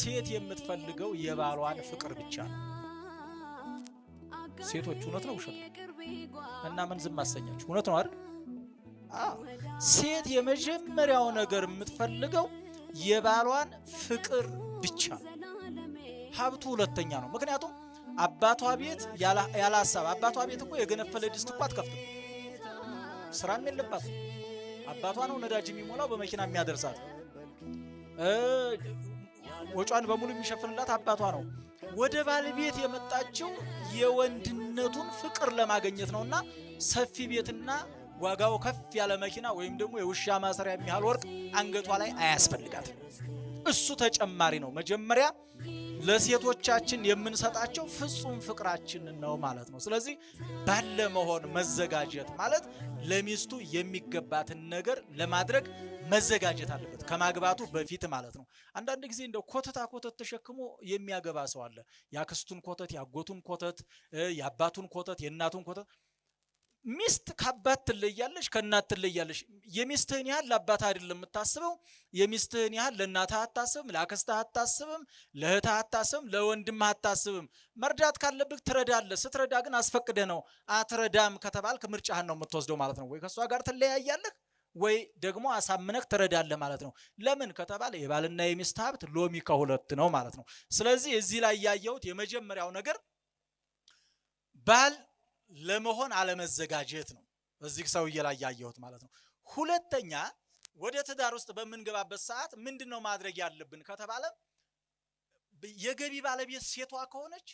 ሴት የምትፈልገው የባሏን ፍቅር ብቻ ነው። ሴቶች እውነት ነው ውሸት እና ምን ዝም አሰኛችሁ? እውነት ነው አይደል? ሴት የመጀመሪያው ነገር የምትፈልገው የባሏን ፍቅር ብቻ ነው። ሀብቱ ሁለተኛ ነው። ምክንያቱም አባቷ ቤት ያለ ሀሳብ አባቷ ቤት እኮ የገነፈለ ድስት እኮ አትከፍትም። ስራም የለባት አባቷ ነው ነዳጅ የሚሞላው በመኪና የሚያደርሳት ወጯን በሙሉ የሚሸፍንላት አባቷ ነው። ወደ ባለቤት የመጣችው የወንድነቱን ፍቅር ለማግኘት ነውና ሰፊ ቤትና ዋጋው ከፍ ያለ መኪና ወይም ደግሞ የውሻ ማሰሪያ የሚያህል ወርቅ አንገቷ ላይ አያስፈልጋትም። እሱ ተጨማሪ ነው። መጀመሪያ ለሴቶቻችን የምንሰጣቸው ፍጹም ፍቅራችንን ነው ማለት ነው። ስለዚህ ባለ መሆን መዘጋጀት ማለት ለሚስቱ የሚገባትን ነገር ለማድረግ መዘጋጀት አለበት ከማግባቱ በፊት ማለት ነው። አንዳንድ ጊዜ እንደ ኮተታ ኮተት ተሸክሞ የሚያገባ ሰው አለ። የአክስቱን ኮተት፣ የአጎቱን ኮተት፣ የአባቱን ኮተት፣ የእናቱን ኮተት ሚስት ከአባት ትለያለች፣ ከእናት ትለያለች። የሚስትህን ያህል ለአባት አይደለም የምታስበው። የሚስትህን ያህል ለእናትህ አታስብም፣ ለአክስትህ አታስብም፣ ለእህትህ አታስብም፣ ለወንድምህ አታስብም። መርዳት ካለብህ ትረዳለህ። ስትረዳ ግን አስፈቅደህ ነው። አትረዳም ከተባልክ ምርጫህን ነው የምትወስደው ማለት ነው። ወይ ከእሷ ጋር ትለያያለህ ወይ ደግሞ አሳምነህ ትረዳለህ ማለት ነው። ለምን ከተባለ የባልና የሚስት ሀብት ሎሚ ከሁለት ነው ማለት ነው። ስለዚህ እዚህ ላይ ያየሁት የመጀመሪያው ነገር ባል ለመሆን አለመዘጋጀት ነው በዚህ ሰውዬ ላይ ያየሁት ማለት ነው። ሁለተኛ ወደ ትዳር ውስጥ በምንገባበት ሰዓት ምንድን ነው ማድረግ ያለብን ከተባለ የገቢ ባለቤት ሴቷ ከሆነች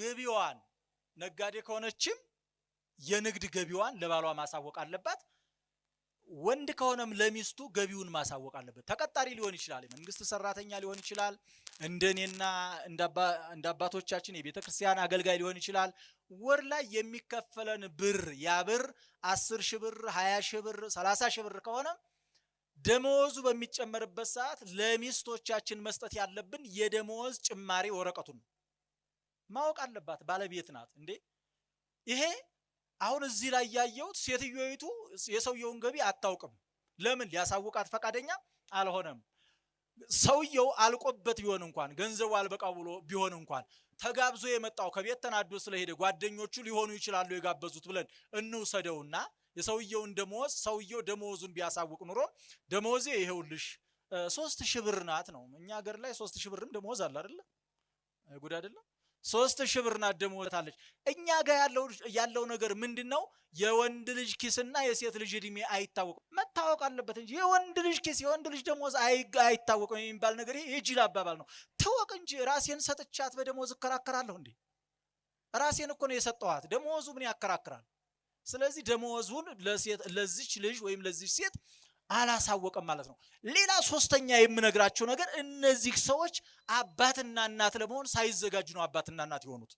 ገቢዋን ነጋዴ ከሆነችም የንግድ ገቢዋን ለባሏ ማሳወቅ አለባት። ወንድ ከሆነም ለሚስቱ ገቢውን ማሳወቅ አለበት። ተቀጣሪ ሊሆን ይችላል፣ የመንግስት ሰራተኛ ሊሆን ይችላል፣ እንደኔና እንደ አባቶቻችን የቤተ ክርስቲያን አገልጋይ ሊሆን ይችላል። ወር ላይ የሚከፈለን ብር ያ ብር አስር ሺህ ብር፣ ሀያ ሽብር ብር፣ ሰላሳ ሺህ ብር ከሆነ ደመወዙ በሚጨመርበት ሰዓት ለሚስቶቻችን መስጠት ያለብን የደመወዝ ጭማሪ ወረቀቱን ማወቅ አለባት። ባለቤት ናት እንዴ ይሄ አሁን እዚህ ላይ ያየሁት ሴትዮይቱ የሰውየውን ገቢ አታውቅም። ለምን ሊያሳውቃት ፈቃደኛ አልሆነም። ሰውየው አልቆበት ቢሆን እንኳን ገንዘቡ አልበቃው ብሎ ቢሆን እንኳን ተጋብዞ የመጣው ከቤት ተናዶ ስለሄደ ጓደኞቹ ሊሆኑ ይችላሉ የጋበዙት ብለን እንውሰደውና የሰውየውን ደመወዝ ሰውየው ደመወዙን ቢያሳውቅ ኑሮ ደመወዜ ይሄውልሽ ሶስት ሺህ ብር ናት ነው። እኛ ሀገር ላይ ሶስት ሺህ ብርም ደመወዝ አለ አደለ ጉድ አደለም ሶስት ሺህ ብር ናት ደሞታለች። እኛ ጋር ያለው ነገር ምንድን ነው? የወንድ ልጅ ኪስና የሴት ልጅ እድሜ አይታወቅም። መታወቅ አለበት እንጂ የወንድ ልጅ ኪስ የወንድ ልጅ ደሞዝ አይታወቅም የሚባል ነገር የጅል አባባል ነው። ትወቅ እንጂ ራሴን ሰጥቻት በደሞዝ እከራከራለሁ እንዴ? ራሴን እኮ ነው የሰጠኋት። ደሞዙ ምን ያከራክራል? ስለዚህ ደሞዙን ለዚች ልጅ ወይም ለዚች ሴት አላሳወቀም ማለት ነው። ሌላ ሶስተኛ የምነግራቸው ነገር እነዚህ ሰዎች አባትና እናት ለመሆን ሳይዘጋጁ ነው አባትና እናት የሆኑት።